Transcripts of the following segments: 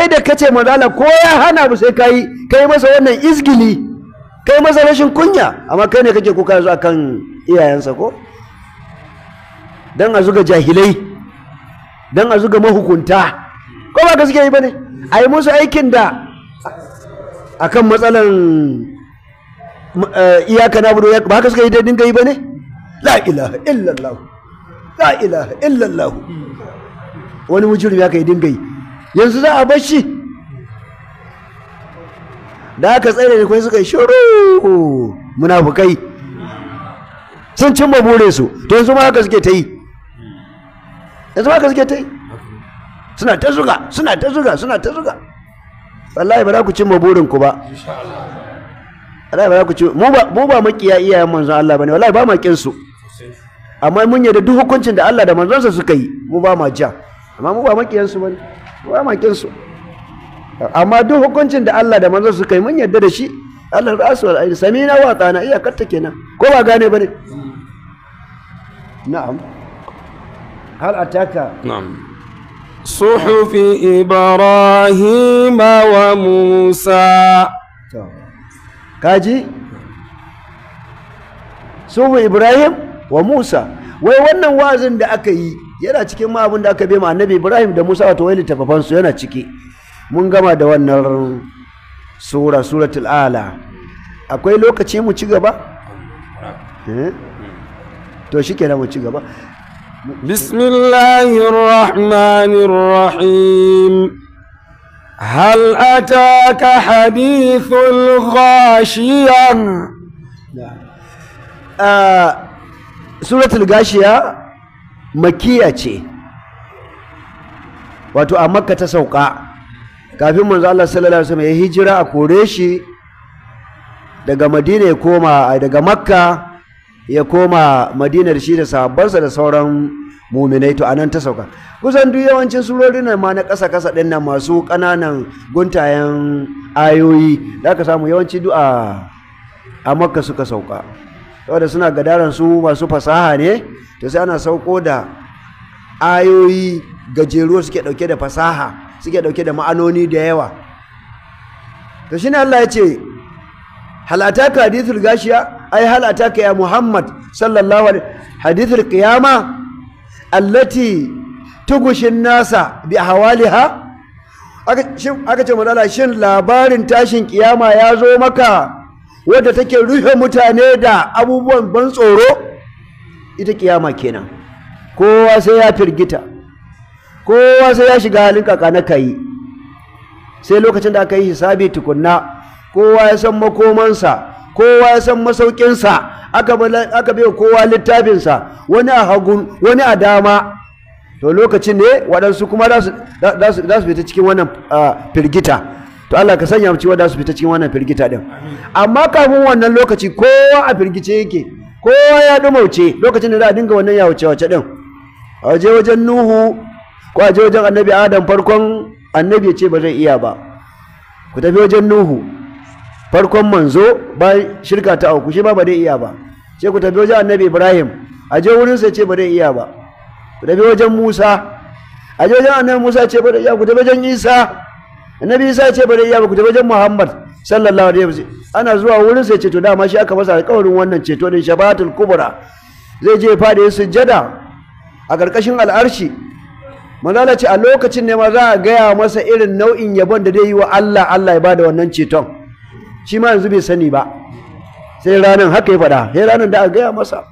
kai da kace manzala ko ya hana mu sai kai kai masa wannan izgili kai masa rashin kunya amma kai ne kake kuka yanzu akan iyayensa ko dan a zuga jahilai dan a zuga mahukunta ko ba ka suke yi bane a yi musu aikin da akan matsalan eh, iyaka na budo ba haka suke yi da dinga ba ne la ilaha illallah la ilaha illallah wani mujrim ya kai yi. yanzu za a bar shi da aka tsere da kwai suka yi shiru munafukai sun cimma burin su to yanzu ma haka suke ta yi yanzu ma haka suke ta yi suna ta zuga suna ta zuga suna ta zuga wallahi ba za ku cimma burin ku ba wallahi ba za ku cimma? mu ba mu ba makiya iyayen manzon Allah bane wallahi ba ma kin su amma mun yarda duk hukuncin da Allah da manzonsa suka yi mu ba ma ja amma mu ba makiyan su bane ba ma su amma duk hukuncin da Allah da manzo suka yi mun yarda da shi Allah rasu wal aini samina wa tana iya katta kenan ko ba gane bane na'am hal ataka na'am صحف إبراهيم وموسى كاجي صحف إبراهيم وموسى wai wannan wazin da aka yi yana cikin ma abin da aka bema annabi ibrahim da musa wato wani tafafansu yana ciki mun gama da wannan sura suratul ala akwai lokaci mu ci gaba eh? to shi kenan mu ci gaba bismillahir rahmanir rahim هل أتاك حديث الغاشية آه سورة الغاشية makiya ce wato a makka ta sauka kafin manzo Allah sallallahu alaihi wasallam ya hijira a kore shi daga madina ya koma daga makka ya koma madinar shi da sahabbansa da sauran muminai to anan ta sauka kusan duk yawancin surorin nan ma na ƙasa kasa ɗin nan masu ƙananan guntayen ayoyi da aka samu yawanci du'a a makka suka sauka saboda suna gadaran su masu fasaha ne to sai ana sauko da ayoyi gajeru suke dauke da fasaha suke dauke da ma'anoni da yawa to shine Allah ya ce halata ka hadithul gashiya ai halata ka ya Muhammad sallallahu alaihi hadithul qiyama allati tugushin nasa bi hawaliha aka ce manala shin labarin tashin kiyama ya zo maka wadda take rufe mutane da abubuwan ban tsoro ita kiyama kenan kowa sai ya firgita kowa sai ya shiga halin kaka na kai sai lokacin da aka yi hisabi tukunna kowa ya san makomansa kowa ya san masaukinsa aka bai kowa littafinsa wani a hagu wani a dama to lokacin ne waɗansu kuma za su fita cikin wannan ah, firgita to Allah ka sanya mu cewa da su fita cikin wannan firgita din amma kafin wannan lokaci kowa a firgice yake kowa ya dumauce lokacin da za a dinga wannan ya wuce wace din a waje wajen Nuhu ko a je wajen Annabi Adam farkon Annabi ya ce ba zai iya ba ku tafi wajen Nuhu farkon manzo ba shirka ta auku shi ba ba zai iya ba ce ku tafi wajen Annabi Ibrahim a je wurin sa ce ba zai iya ba ku tafi wajen Musa a je wajen Annabi Musa ce ba zai iya ku tafi wajen Isa annabi isa ya ce bari iya ku tafi wajen muhammad sallallahu alaihi wasallam ana zuwa wurin sai ceto dama shi aka masa alƙawarin wannan ceto din shabatul kubra zai je fadi ya sujjada a ƙarƙashin al'arshi manzala ce a lokacin ne ma za a gaya masa irin nau'in yabon da zai yi wa Allah Allah ya bada wannan ceton shi ma yanzu bai sani ba sai ranar haka ya faɗa sai ranar da a gaya masa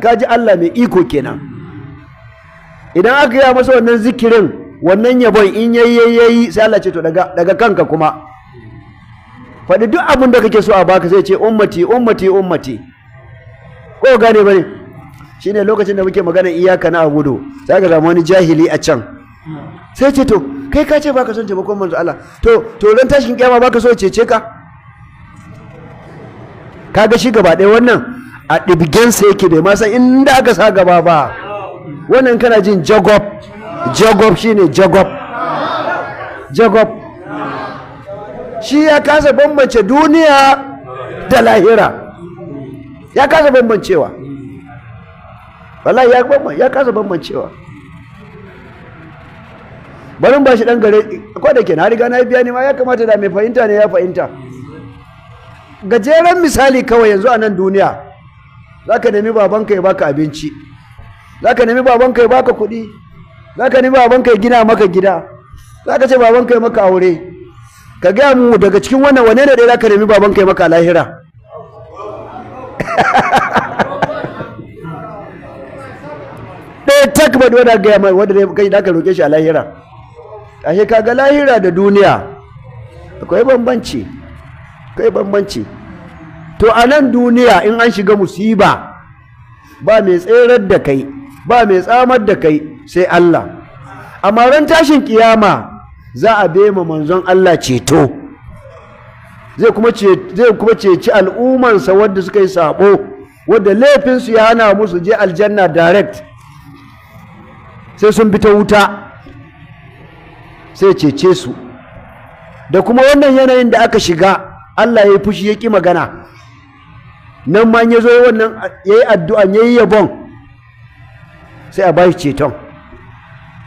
kaji Allah mai iko kenan idan aka gaya masa wannan zikirin wannan yabon in yayi yayi sai Allah ce to daga daga kanka kuma faɗi duk abin da kake so a baka sai ce ummati ummati ummati ko gane bane shine lokacin da muke magana iyaka na abudu sai ga zama wani jahili a can sai ce to kai ka ce baka son taimakon manzo Allah to to ran tashin kiyama baka so cece ka kaga shi gaba ɗaya wannan a ɗibgensa yake bai ma san inda aka sa gaba ba wannan kana jin jagob jagob shine jagob jagob shi ya kasa bambance duniya da lahira ya kasa bambancewa wallahi ya kasa bambancewa barin ba shi dan gare ko da ke na riga na biya ne ma ya kamata da mai fahimta ne ya fahimta gajeren misali kawai yanzu a nan duniya za ka nemi babanka ya baka abinci za ka nemi babanka ya baka kuɗi za ka nemi babanka ya gina maka gida za ka ce babanka ya maka aure ka gaya mu daga cikin wannan wane ne za ka nemi babanka ya maka lahira ɗaya tak ba wanda gaya mai wanda ne kai daga ka roƙe shi a lahira a shi kaga lahira da duniya akwai bambanci akwai bambanci to a nan duniya in an shiga musiba ba mai tserar da kai ba mai tsamar da kai sai Allah amma ran tashin kiyama za a ma manzon Allah ceto zai kuma zai kuma ceci al'umansa wadda suka yi sabo wadda laifinsu ya hana musu je aljanna direct sai sun fita wuta sai cece su da kuma wannan yanayin da aka shiga Allah ya yi fushi ya ƙi magana nan ma ya zo wannan ya yi addu'an ya yi yabon sai a bashi ceton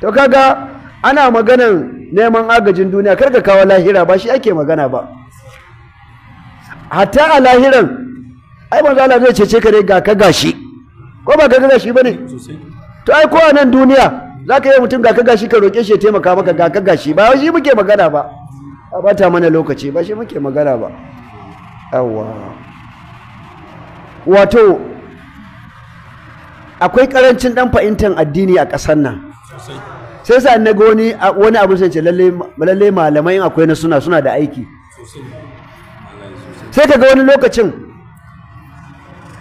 to kaga ana maganan neman agajin duniya karka kawo lahira ba shi ake magana ba hatta a lahiran ai manzo Allah zai cece ka ne ga ka gashi ko ba ka gashi bane to ai ko a nan duniya zaka yi mutum ga ka gashi ka roke shi ya taimaka maka ga ka gashi ba shi muke magana ba a bata mana lokaci ba shi muke magana ba yawwa wato akwai karancin dan fahimtar addini a ƙasar nan sai sa na ga wani wani abu sai ce lalle malamai akwai na suna suna da aiki sai ka ga wani lokacin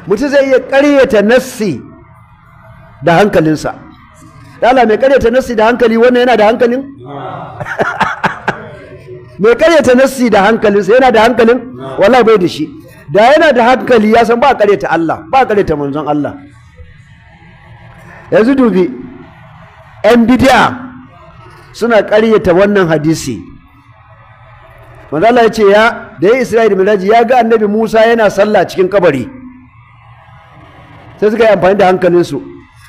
mutum zai iya ƙaryata nassi da hankalinsa dala mai ƙaryata nassi da hankali wannan yana da hankalin mai ƙaryata nassi da hankalinsa yana da hankalin wallahi bai da shi da yana da hankali ya san ba ƙaryata Allah ba ƙaryata manzon Allah yanzu dubi yan bidiya suna ƙaryata wannan hadisi manzala ya ce ya da ya isra'il milaji ya ga annabi musa yana sallah cikin kabari sai suka yi amfani da hankalinsu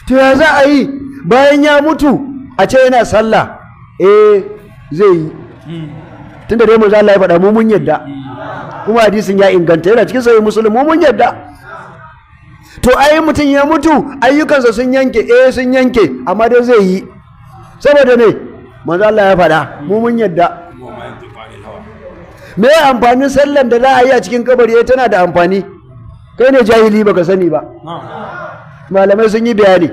to ya za a yi bayan ya mutu a ce yana sallah eh zai yi tunda dai manzala ya faɗa mu mun yadda kuma hadisin ya inganta yana cikin sahih muslim mu mun yadda to ai mutum ya mutu ayyukansa sun yanke eh sun yanke amma dai zai yi saboda ne manzo Allah ya faɗa mu mun yadda me amfanin sallan da za a yi a cikin kabari eh tana da amfani kai ne jahili baka sani ba malamai sun yi bayani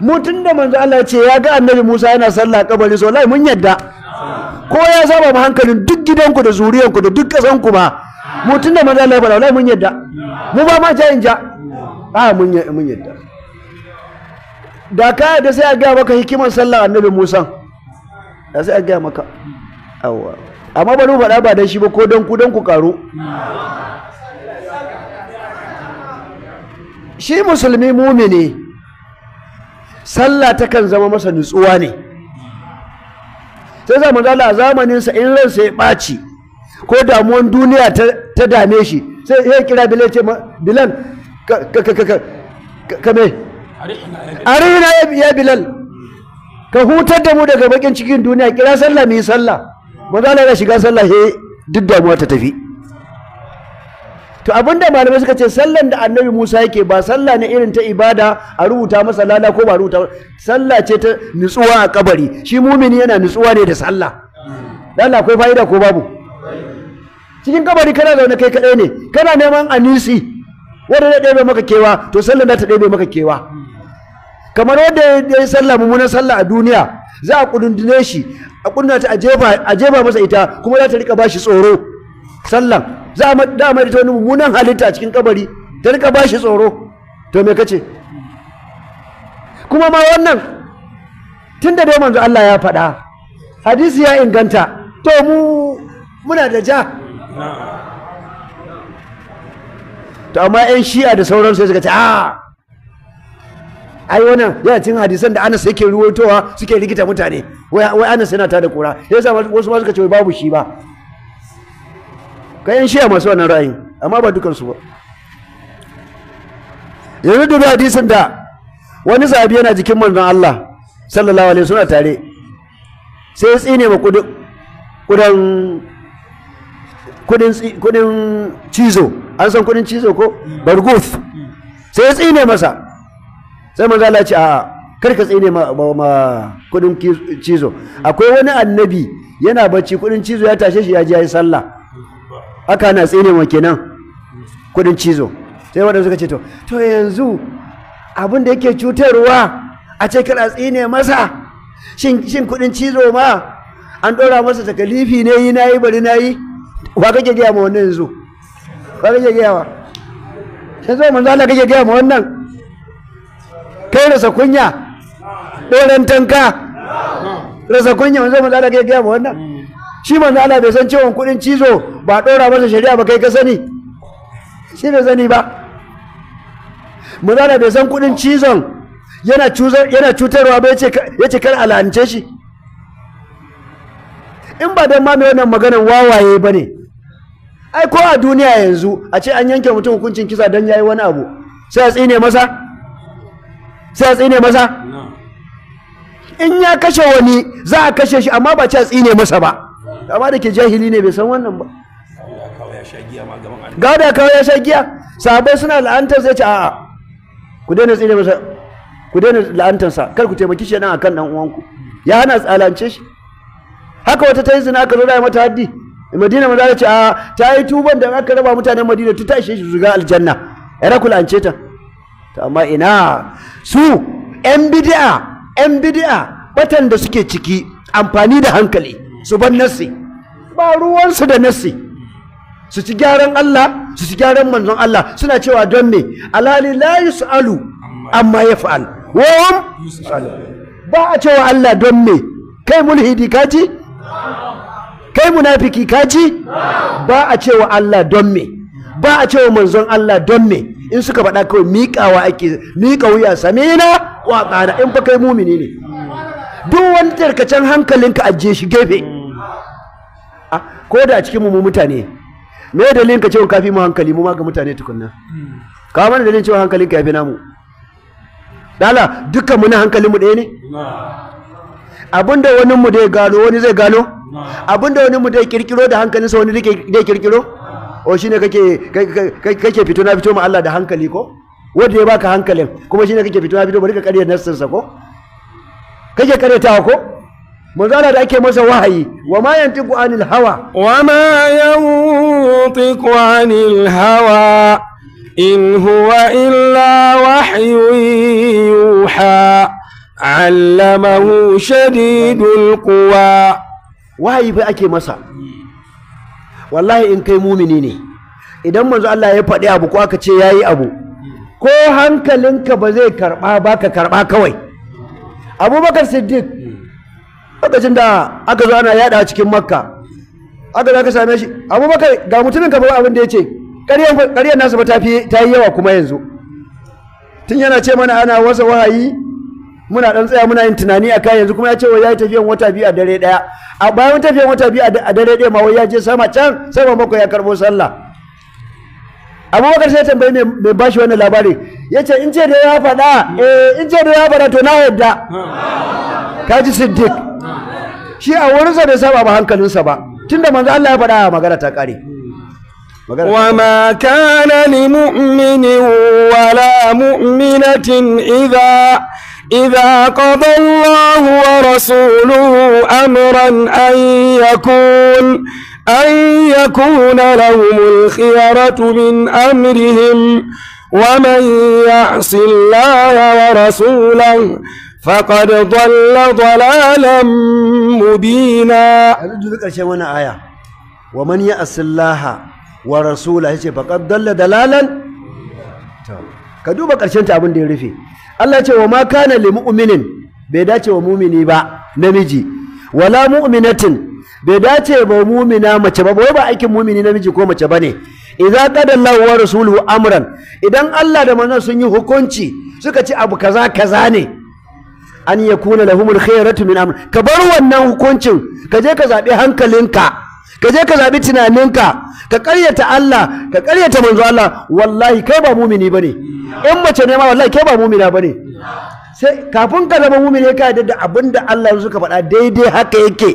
mutum da manzo Allah ce ya ga annabi Musa yana sallah kabari so lai mun yadda ko ya saba mu hankalin duk gidanku da zuriyanku da duk ƙasanku ba? mu da maza Allah ya faɗa wallahi mun yadda mu ba ma jayin ja a mun yadda da ka da sai a gaya maka hikimar sallah annabi Musa da sai a gaya maka awwa amma ba mu faɗa ba dan shi ba ko dan ku dan ku karu shi musulmi mumini sallah takan zama masa nutsuwa ne sai zama zala a zamaninsa in ransa ya ɓaci ko damuwan duniya ta dame shi sai ya kira bilan ce bilan ka me arina ya bilal ka hutar da mu daga bakin cikin duniya kira sallah mu yi sallah maza na shiga sallah he duk damuwa ta tafi to abinda malamai suka ce sallan da annabi Musa yake ba sallah ne irin ta ibada a rubuta masa lala, ko ba rubuta sallah ce ta nutsuwa a kabari shi mumini yana nutsuwa ne da sallah Allah akwai fa'ida ko babu cikin kabari kana zaune kai kaɗai ne kana neman anisi wanda zai ɗebe maka kewa to sallah za ta ɗebe maka kewa kamar wanda ya yi sallah mummunan sallah a duniya za a kudundune shi a kudunna ta a jefa masa ita kuma za ta rika ba shi tsoro sallan za a da mai ta wani mummunan halitta a cikin kabari ta rika ba shi tsoro to me kace kuma ma wannan tun da dai manzo Allah ya faɗa hadisi ya inganta to mu muna da ja to amma yan shi'a da sauransu suka ce a ah! ai wannan yana cin hadisan da anas yake ruwaitowa suke rikita mutane wai anas yana tada kura sa wasu masu suka babu shi ba ka yan shi'a masu wannan ra'ayi amma ba dukansu ba yanzu dubi hadisin da wani sahabi yana jikin manzon Allah sallallahu alaihi wasallam tare sai ya tsine ma kudan kudin cizo an san kudin cizo ko barguf sai ya tsine masa sai manzo Allah ce a karka tsine ma, kudin cizo akwai wani annabi yana bacci kudin cizo ya tashe shi ya ji yayi sallah aka na tsine ma kenan kudin cizo sai wadanda suka ce to to yanzu abin da yake cutarwa a ce kar tsine masa shin shin kudin cizo ma an dora masa takalifi ne yi nayi bari nayi ba kake gaya ma wannan yanzu ba kake gaya ma yanzu manzo Allah kake gaya ma wannan kai rasa kunya doran tanka rasa kunya manzo manzo Allah kake gaya ma wannan shi manzo Allah bai san cewa kuɗin cizo ba ɗora masa shari'a ba kai ka sani shi bai sani ba manzo Allah bai san kuɗin cizon yana yana cutarwa ba yace yace kar alance shi in ba dan ma mai wannan maganar wawaye bane ai ko a duniya yanzu a ce an yanke mutum hukuncin kisa don yayi wani abu sai a tsine masa sai a tsine masa in ya kashe wani za a kashe shi amma ba ce a tsine masa ba amma da ke jahili ne bai san wannan ba ga da kawai ya sha giya sahabbai suna la'antar sai ce a'a ku daina tsine masa ku daina la'antarsa kar ku taimaki shi nan akan dan uwanku ya hana tsalance shi haka wata ta yi zina aka zo da mata haddi madina maza ce a ah, ta yi tuban da aka raba mutanen madina ta tashi shi zuga aljanna ya kula an ta amma ina su yan bidi'a yan bidi'a batan da suke ciki amfani da hankali su ban nassi ba ruwansu da nasi, su ci gyaran Allah su ci gyaran manzon Allah suna cewa don me alhali la yus'alu amma yaf'al wa ba a cewa Allah don me kai mulhidi kaji kai munafiki kaji ba a cewa Allah don me ba a cewa manzon Allah don me in suka faɗa kawai miƙawa ake miƙa wuya samina wa ƙara in fa kai mumini ne duk wani tarkacen hankalinka ajiye shi gefe ko da a cikin mu mutane me dalilin ka cewa fi mu hankali mu ma ga mutane tukunna ka mana dalilin cewa hankalinka fi namu dala dukkan mu na hankalin mu ɗaya ne abinda wani mu dai gano wani zai gano abinda wani mu dai kirkiro da hankalinsa wani dai kirkiro o shine kake kake fito na fito ma Allah da hankali ko wanda ya baka hankalin kuma shine kake fito na fito bari ka kare nassarsa ko kake karetawa ko manzala da ake masa wahayi wa ma yantiqu anil hawa wa ma yantiqu anil hawa in huwa illa wahyun yuha allamahu shadidul quwa wahayi fa ake masa wallahi in kai mumini ne idan manzo Allah ya faɗi abu ko aka ce yayi abu ko hankalinka ba zai karɓa ba ka karɓa kawai abubakar siddiq lokacin da aka zo ana yada cikin makka aka za same shi abubakar ga mutumin ka abin da ya ce ƙaryar nasa ba ta yi yawa kuma yanzu tun yana ce mana ana wasa wahayi muna dan tsaya muna yin tunani akan yanzu kuma ya ce wai ya yi tafiyan wata biyu a dare daya a bayan tafiyan wata biyu a dare daya ma wai ya je sama can sama mako ya karbo sallah abubakar sai tambayi me bashi wannan labari ya ce in ce da ya faɗa eh in ce da ya faɗa to na yadda kaji siddiq shi a wurin sa bai saba ba hankalin sa ba tunda manzo Allah ya faɗa magana ta kare وما كان لمؤمن ولا مؤمنة إذا إذا قضى الله ورسوله أمرا أن يكون أن يكون لهم الخيرة من أمرهم ومن يعص الله ورسوله فقد ضل ضلالا مبينا آية ومن يعص الله ورسوله فقد ضل ضلالا ka duba ƙarshen ta abin da ya rufe Allah ce wa ma kana li mu'minin bai dace wa mumini ba namiji wala mu'minatin bai dace ba mumina mace ba wai ba aikin mumini namiji ko mace bane idza qada Allahu wa rasuluhu amran idan Allah da manzon sun yi hukunci suka ci abu kaza kaza ne an yakuna lahumul khayratu min amr ka bar wannan hukuncin ka je ka zabi hankalinka ka je ka zaɓi tunaninka ka ƙaryata Allah ka ƙaryata manzo Allah wallahi kai ba mumini ne. in mace ne ma wallahi kai ba mumina bane sai kafin ka zama mumini ka yadda da abinda Allah ya suka faɗa daidai haka yake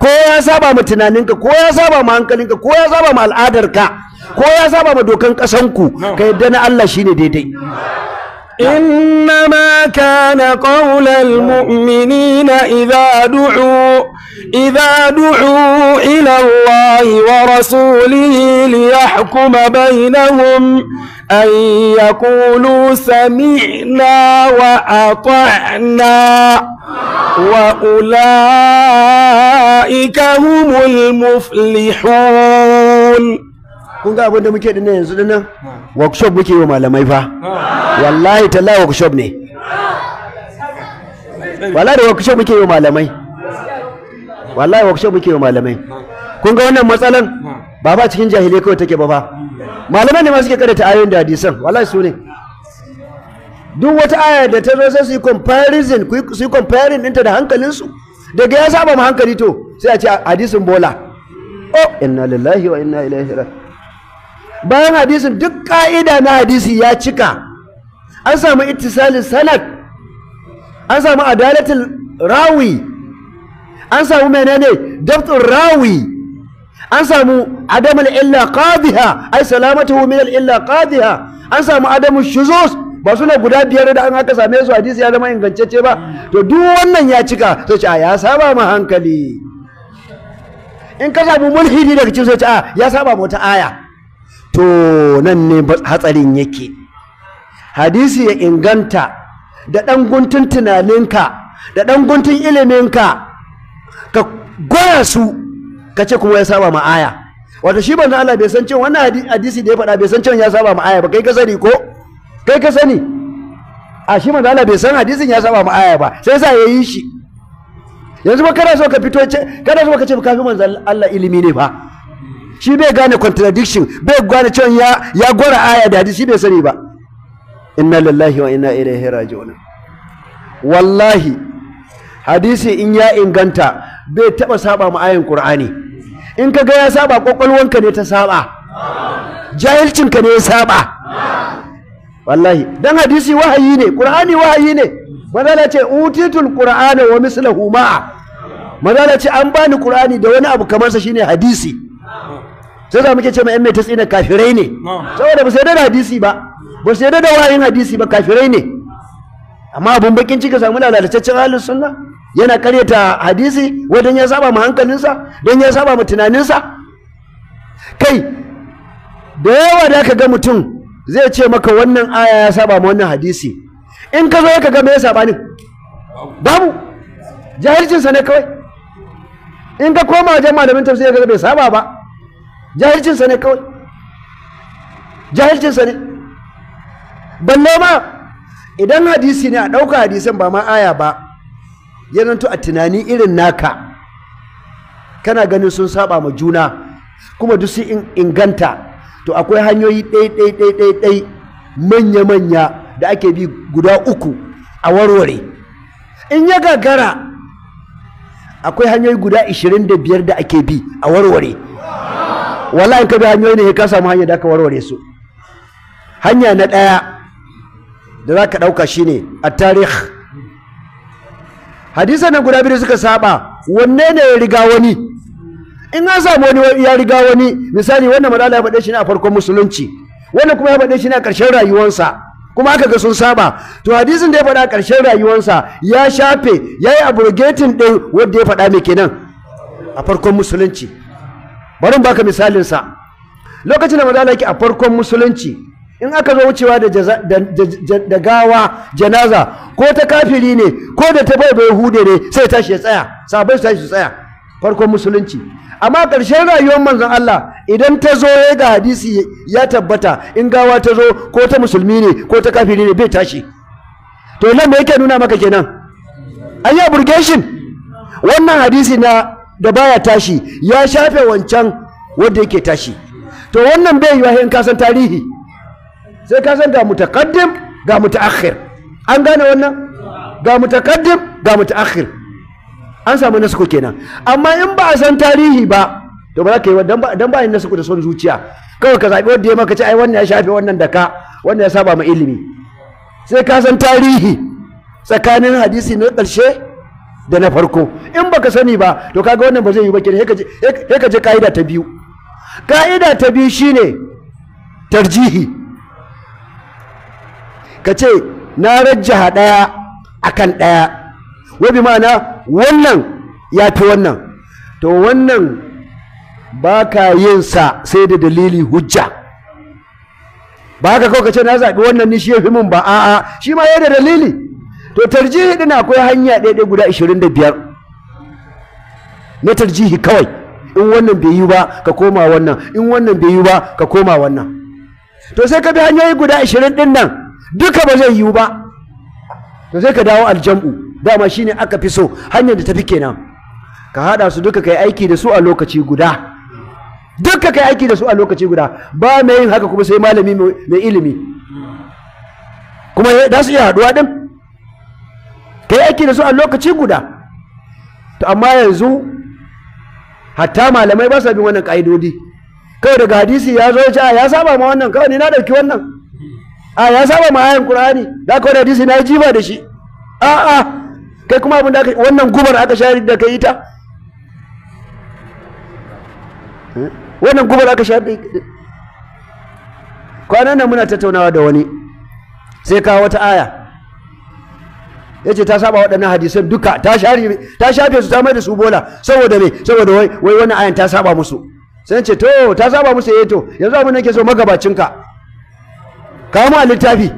ko ya saba ma tunaninka ko ya saba ma hankalinka ko ya saba ma al'adarka ko ya saba ma dokan ƙasanku ka yadda na Allah shine daidai نعم. إنما كان قول المؤمنين إذا دعوا إذا دعوا إلى الله ورسوله ليحكم بينهم أن يقولوا سمعنا وأطعنا وأولئك هم المفلحون kun ga abin da muke dinnan yanzu dinnan workshop muke yi wa malamai fa wallahi talla workshop ne wallahi workshop muke yi wa malamai wallahi workshop muke yi wa malamai kun ga wannan matsalan ba ba cikin jahilai kawai take ba fa malamai ne ma suke karanta ayoyin da hadisan wallahi su ne duk wata aya da ta zo sai su yi comparison su yi comparing ɗinta da hankalinsu daga ya saba mu hankali to sai a ce hadisin bola oh inna lillahi wa inna ilaihi raji'un bayan hadisin duk ka'ida na hadisi ya cika an samu ittisalin sanad an samu adalatul rawi an samu menene dabtun rawi an samu adamul illa qadiha ai salamatuhu min al illa qadiha an samu adamu shuzuz ba suna guda biyar da an aka same su hadisi ya zama ingantacce ba to duk wannan ya cika sai ce a ya saba ma hankali in ka samu mulhidi daga cikin sai ce ya saba mu wata aya to nan ne hatsarin yake hadisi ya inganta da ɗan guntun tunaninka da ɗan guntun iliminka ka goya su ka ce kuma ya saba ma aya wata shi banzan Allah bai san cewa wannan hadisi da ya faɗa bai san cewa ya saba ma aya ba kai ka sani ko kai ka sani a shi banzan Allah bai san hadisin ya saba ma aya ba sai sa ya yi shi yanzu ba kana so ka fito ce kana so ka ce ka fi manzan Allah ilimi ne ba shi bai gane contradiction bai gane cewa ya ya gwara aya da hadisi bai sani ba inna lillahi wa inna ilaihi raji'un wallahi hadisi in ya inganta bai taba saba mu ayin qur'ani in kaga ya saba kokolwanka ne ta saba ka ne ya saba wallahi dan hadisi wahayi ne qur'ani wahayi ne madala ce utitul qur'ana wa mislahu ma madala ce an bani qur'ani da wani abu kamar sa shine hadisi sai za muke ce ma 'yan mai tasina kafirai ne saboda ba su yarda da hadisi ba ba su yarda da wayin hadisi ba kafirai ne amma abun bakin ciki samu lalataccen halin sunna yana karyata hadisi wadan ya saba ma hankalinsa don ya saba ma tunaninsa kai da yawa da ka ga mutum zai ce maka wannan aya ya saba ma wannan hadisi in ka zo ka ga me ya saba babu jahilcinsa ne kawai in ka koma wajen malamin tafsiri ka ga bai saba ba jahilcinsa ne kawai jahilcinsa ne balle ma idan hadisi ne a ɗauka hadisan ba ma aya ba ya zanto a tunani irin naka kana ganin sun saba ma juna kuma duk su inganta to akwai hanyoyi ɗai-ɗai-ɗai manya-manya da ake bi guda uku a warware in ya gagara akwai hanyoyi guda 25 da ake bi a warware wallahi ka bi hanyoyi ne ka samu hanyar da ka warware su hanya na ɗaya da za ka ɗauka shine a tarih hadisan nan guda biyu suka saba wanne ne ya riga wani in an samu wani ya riga wani misali wannan madala ya faɗe shi ne a farkon musulunci wannan kuma ya faɗe shi ne a ƙarshen rayuwarsa kuma aka ga sun saba to hadisin da ya faɗa a ƙarshen rayuwarsa ya shafe ya yi abrogating ɗin wanda ya faɗa mai kenan a farkon musulunci bari baka misalin sa lokacin da maza yake a farkon musulunci in aka zo wucewa da gawa janaza ko ta kafiri ne ko da ta bai bai hude ne sai tashi ya tsaya sabai tashi su tsaya farkon musulunci amma ƙarshen rayuwar manzon Allah idan ta zo ya ga hadisi ya tabbata in gawa ta zo ko ta musulmi ne ko ta kafiri ne bai tashi to nan me yake nuna maka kenan an yi wannan hadisi na da baya tashi ya shafe wancan wanda yake tashi to wannan bai yiwa in ka san tarihi sai ka san ga mutaqaddim ga mutaakhir an gane wannan ga mutaqaddim ga mutaakhir an samu nasu kenan amma in ba a san tarihi ba to ba za ka yi dan ba yin nasu da son zuciya kawai ka zaɓi wanda ya maka ce ai wannan ya shafe wannan da ka wannan ya saba ma ilimi sai ka san tarihi tsakanin hadisi na ƙarshe da na farko in baka sani ba to kaga wannan ba zai yi ba kenan sai ka je ka'ida ta biyu ka'ida ta biyu shine tarjihi ka ce na rajjaha ɗaya akan ɗaya bi ma'ana wannan ya fi wannan to wannan ba ka yin sa sai da dalili hujja ba ko ka ce na zaɓi wannan ni shi ya fi min ba a'a shi ma ya da dalili to tarjihi din akwai hanya ɗaya ɗaya guda biyar, na tarjihi kawai in wannan bai yi ba ka koma wannan in wannan bai yi ba ka koma wannan to sai ka bi hanyoyi guda 20 din nan duka ba zai yiwu ba to sai ka dawo aljam'u dama shine aka fi so hanyar da tafi kenan ka haɗa su duka kai aiki da su a lokaci guda duka kai aiki da su a lokaci guda ba mai yin haka kuma sai malami mai ilimi kuma za su iya haɗuwa ɗin kai yi aiki da su a lokaci guda to amma yanzu hatta malamai ba sa bin wannan ka'idodi. kai daga hadisi ya zo ya ya saba ma wannan kawai ni na ɗauki wannan a ya saba ma ayan qur'ani da kawai hadisi na jiba da shi a a kai kuma abin da aka wannan gubar aka shayar da kai ita eh, wannan gubar aka shayar da kwanan nan muna tattaunawa da wani sai kawo wata aya ya ce ta saba waɗannan hadisan duka ta shafe su ta mai da su bola saboda me saboda wai wani ayan ta saba musu sai ce to ta saba musu yi eh to yanzu abin ke so magabacinka kamun mu a littafi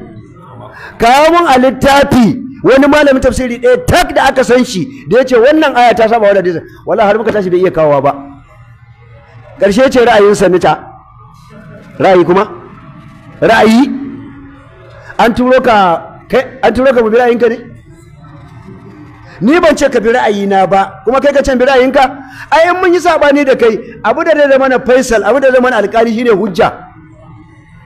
kawo a littafi wani malamin tafsiri ɗaya tak da aka san shi da ya ce wannan aya ta saba wadda dizan wala har muka tashi bai iya kawowa ba ƙarshe ce ra'ayin sanita ra'ayi kuma ra'ayi an turo ka kai an turo ka ra'ayinka ne ni ban ce ka bi ra'ayina ba kuma kai ka ce bi ra'ayinka ai in mun yi sabani da kai abu da zai mana faisal abu da zai mana alƙali shine hujja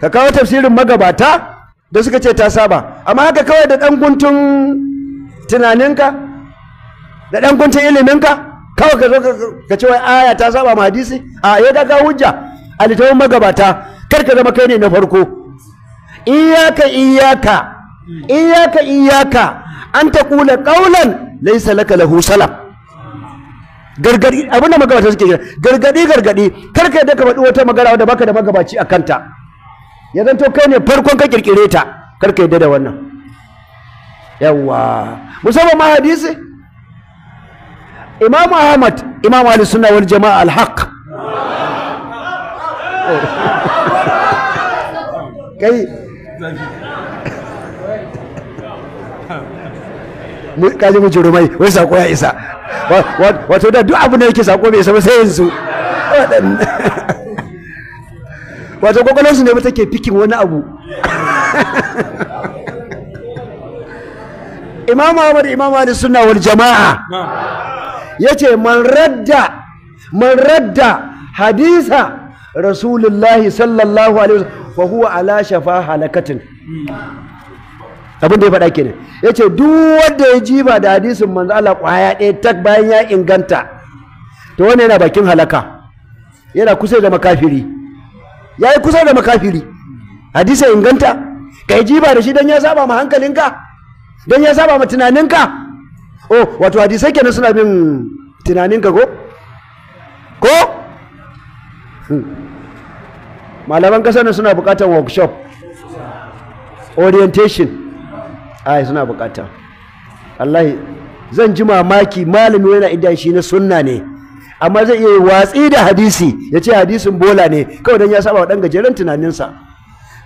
ka kawo tafsirin magabata da suka ce ta saba amma haka kawai da dan guntun tunaninka da dan guntun iliminka kawai ka zo ka ce wai aya ta saba ma hadisi a ya eh, ga ka hujja a magabata kar ka zama kai ne na farko iyaka iyaka iyaka iyaka an ta kula kaulan laisa laka lahu salam gargadi abin da magabata suke gina gargadi gargadi kar ka yadda ka faɗi wata magana wanda baka da magabaci a kanta ya zanto kai ne farkon ka kirkire ta kar ka yadda da wannan yawa musamman ma hadisi imam ahmad imam ali sunna wal jama'a al haq kai kaji mu jurumai wai sako ya isa wato da duk abu ne yake sako bai isa ba sai yanzu wato kwakwalon su ne mata ke fikin wani abu imam ahmad imam ahmad sunna wal jama'a yace man radda man radda hadisa rasulullahi sallallahu alaihi wasallam wa huwa ala shafa halakatin abin da ya faɗa kenan ya ce duk wanda ya jiba da hadisin manzo Allah ƙwaya ɗaya tak bayan ya inganta to wannan yana bakin halaka yana kusa da makafiri ya yi kusa da makafiri hadisa inganta ka yi jiba da shi don ya saba ma hankalinka don ya saba ma tunaninka oh wato hadisai kenan suna bin tunaninka ko ko hmm. malaman kasar suna bukatar workshop orientation ai suna bukata wallahi zan ji mamaki malami yana idda shi na sunna ne amma zai iya watsi da hadisi ya ce hadisin bola ne kawai dan ya saba wa dan gajeren tunaninsa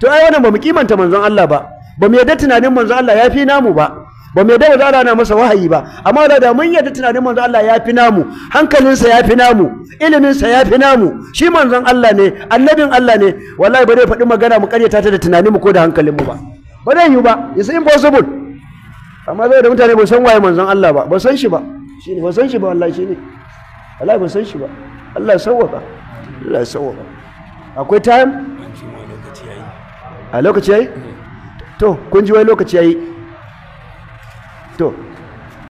to ai wannan ba mu kimanta manzon Allah ba ba mu yadda tunanin manzon Allah ya namu ba ba mu yadda manzon Allah na masa wahayi ba amma da da mun yadda tunanin manzon Allah ya namu hankalinsa yafi namu iliminsa ya fi namu shi manzon Allah ne annabin Allah ne wallahi ba zai faɗi magana mu karyata ta tunanin mu ko da hankalin mu ba ba zai yi ba it's impossible amma zai da mutane ba san waye manzon Allah ba ba san shi ba shine ba san shi ba wallahi shine wallahi ba san shi ba Allah ya Allah ya akwai time a lokaci yayi to kun ji wai lokaci yayi to